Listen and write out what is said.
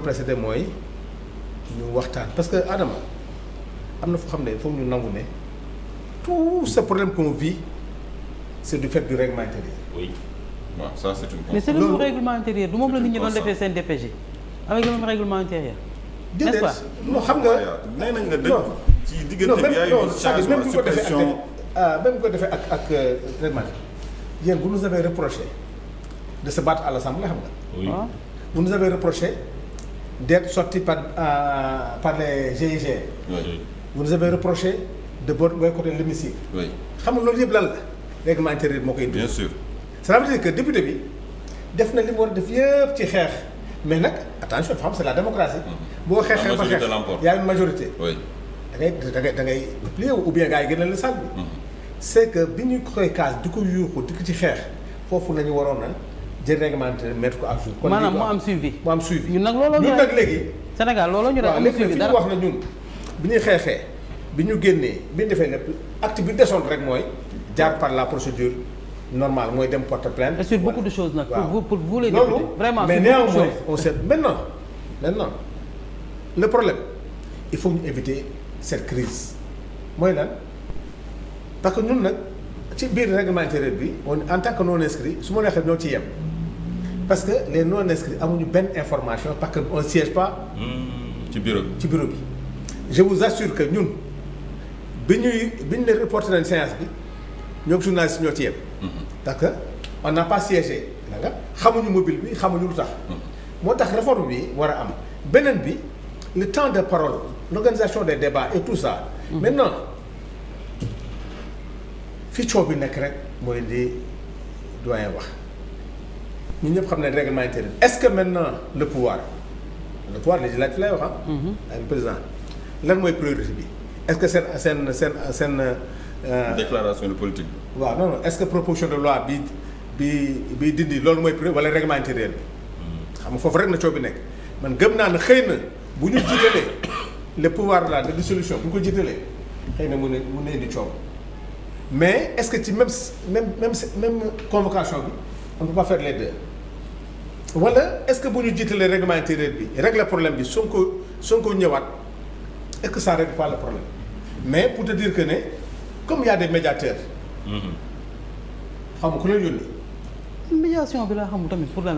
précédé mooy ñu waxtaan parce que Adama am na foo xam ne foog ñu nangu ne tout ce problème qu'on vit c'est du fait du règlement intérieur. oui waaw ça c'est une. mais c'est le règlement intérieur du moom la nit ñi doon defee seen DPG. avec le même règlement intérieur. n'est-ce pas non xam nga. nee nañ la dëgg ci diggante bi yaay une changement suppression ah même bu ko defee ak ak euh, règlement yéen bu nous avez reproché de se battre à l'Assemblée xam nga. bu ah. nous avez reproché. d'être sorti par, euh, par les GIG. Oui. vous nous avez reproché de boycotter l'hémicycle. oui xam nga loolu yëpp lan la règlement intérieur moo koy indi. bien sûr. cela que député bi def na li mu war a def yëpp ci xeex mais nag attention xam c'est la démocratie. Mhm. boo xeexee ba xeex y majorité. oui da ngay da ngay da ngay plié bien gars yi gën a la salle bi. Mhm. c'est que bi ñu koy kaas di ko yuuxu di ko ci xeex foofu la ñu waroon na. jël réglementaire mettre ko à jour. kon maanaam mu am suivi. mu am suivi ñun nag looloo ñu nag léegi. Sénégal looloo ñu am suivi dara wax na ñun bi ñuy xeexee bi ñu génnee bi ñu defee lépp acte bi rek mooy jaar par la procédure normale mooy dem porte plainte. sur beaucoup de choses nag. pour vous pour vous les députés vraiment mais néanmoins on sait maintenant le problème il faut ñu éviter cette mooy lan parce que ñun nag ci biir réglementaire bi on en tant que non inscrit su ma neexee ñoo ci yem. parce que les non inscrits amuñu benn information parce que on siège pas. ci bureau bi ci bureau bi. je vous assure que ñun bi ñuy bi ñu ne reporté nañ séance bi ñoo journaliste ñoo ci yem. Mhm. parce que on n'a pas siégé. nga xamuñu mobile bi xamuñu lu tax. Mhm. moo tax réforme bi war a am beneen bi le temps de parole l'organisation des débats et tout ça. Mmh. maintenant fi coow bi nekk rek mooy li doyen wax. ñun ñëpp xam ne règlement intérieur est-ce que maintenant le pouvoir le pouvoir législatif lay wax ah. Mhm. ah président lan mooy priorité bi est-ce que seen seen seen seen. Euh, déclaration de politique bi. waaw non non bi bi bi dindi loolu mooy priorité wala règlement intérieur bi. Mhm. xam nga foofu rek na coow bi nekk man gëm naa ne xëy na bu ñu jiitalee le pouvoir là de dissolution bu ñu ko jiitalee xëy na mu na mun na indi coow mais est-ce que ci même même même convocation bi on wala est-ce que bu ñu jiitalee règlement intérieur bi régler problème bi Sonko Sonko ñëwaat est-ce que ça règle problème mais pour te dire que ne comme il y a des médiateurs. Mm-hmm. xam nga ku la yónni. médiation bi laa xamul tamit pour lan